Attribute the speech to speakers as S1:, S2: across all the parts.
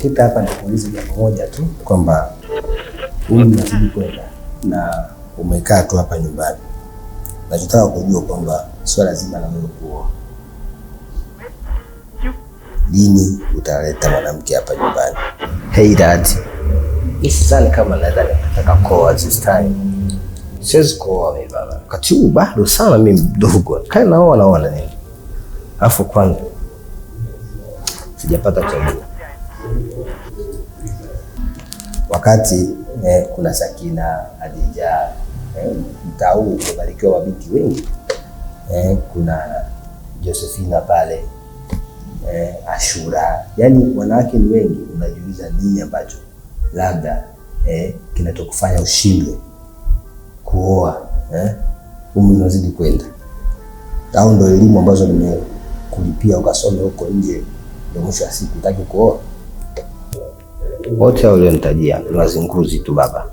S1: Kita hapa nikuulize jambo moja tu
S2: kwamba umi unazidi kwenda na umekaa tu hapa nyumbani, nachotaka kujua kwamba swala zima na wewe kuoa, lini utaleta mwanamke hapa nyumbani?
S3: Hey dad, hisi kama nadhani nataka kuoa this time
S4: Siwezi kuoa mimi baba.
S3: Wakati huu bado sana mimi mdogo. Kae naoa naona nini? Alafu kwanza sijapata chaguo.
S2: Wakati eh, kuna Sakina, adija eh, mtaa huu umebarikiwa mabinti wengi. Eh, kuna Josephina pale eh, Ashura. Yaani wanawake ni wengi, unajiuliza nini ambacho labda eh, kinachokufanya ushindwe kuoa eh? Umri unazidi kwenda, au ndo elimu ambazo nimekulipia ukasome huko nje, ndo mwisho wa siku utaki kuoa?
S4: Wote hao ulionitajia ni wazinguzi tu baba.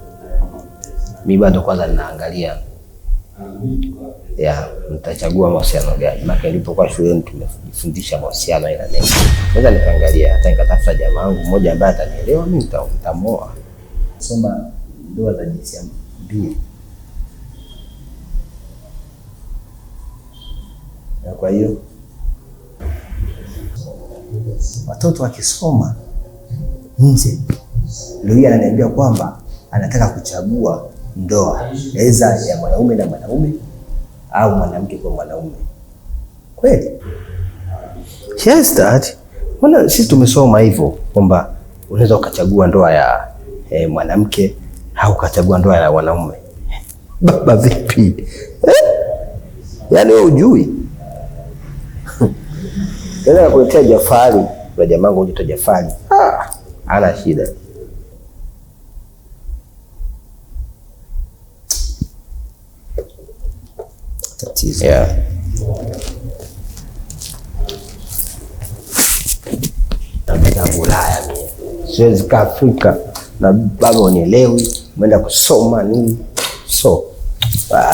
S4: Mi bado kwanza ninaangalia ya nitachagua mahusiano gani, maana nilipokuwa shuleni tumefundisha mahusiano ila nini, kwanza nikaangalia hata nikatafuta jamaa wangu mmoja ambaye atanielewa mimi, nitamuoa.
S2: Soma ndoa za jinsia mbili. Na eh, kwa hiyo watoto wakisoma nje, hii ananiambia kwamba anataka kuchagua ndoa eza ya mwanaume na mwanaume au mwanamke kwa mwanaume. Kweli
S3: yes, mbona sisi tumesoma hivyo kwamba unaweza ukachagua ndoa ya eh, mwanamke au ukachagua ndoa ya wanaume. Baba vipi eh? Yaani wewe ujui
S2: Nenda nakuletea Jafari. Kuna jamaa wangu anaitwa Jafari. Ah, ana shida. Tatizo. Yeah. Napenda Ulaya Siwezi kaa Afrika na baba unielewi, umeenda kusoma nini? So, ah.